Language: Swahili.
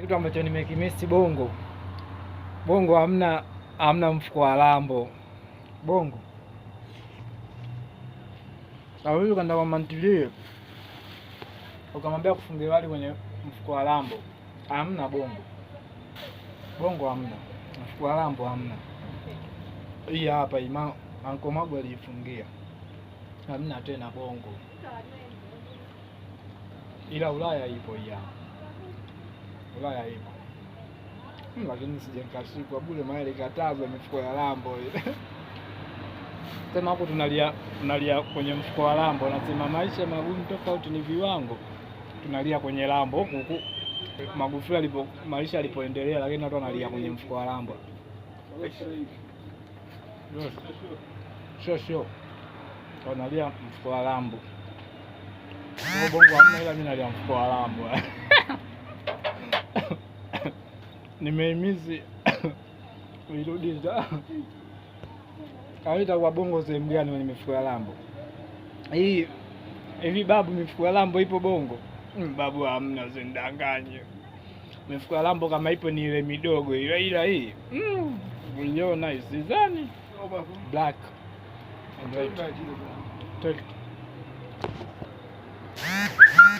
Kitu ambacho nimekimisi Bongo, Bongo hamna hamna mfuko wa lambo Bongo sawezi kanda kwa mantilie ukamwambia kufungia wali kwenye mfuko wa lambo, hamna Bongo. Bongo hamna mfuko wa lambo, hamna. Hii hapa ima anko Magu aliifungia, hamna tena Bongo, ila Ulaya ipo hapa. Ulaya ipo hmm, lakini sijankashikwa bure, maana ilikatazwa mifuko ya lambo ile tena tunalia tunalia kwenye mfuko wa lambo. Nasema maisha magumu, tofauti ni viwango. Tunalia kwenye lambo huku Magufuli alipo maisha alipoendelea, lakini watu wanalia kwenye mfuko wa lambo. Sio sio, wanalia mfuko wa lambo. Bongo hamna, ila mimi nalia mfuko wa lambo nimeimizi kuidudisha kawaita kwa bongo sehemu gani kwenye mifuko ya lambo hii hivi babu, mifuko ya lambo ipo bongo? Mm, babu hamna, zindanganye Mifuko ya lambo kama ipo ni ile midogo ile ile hii mm, uliona isizani black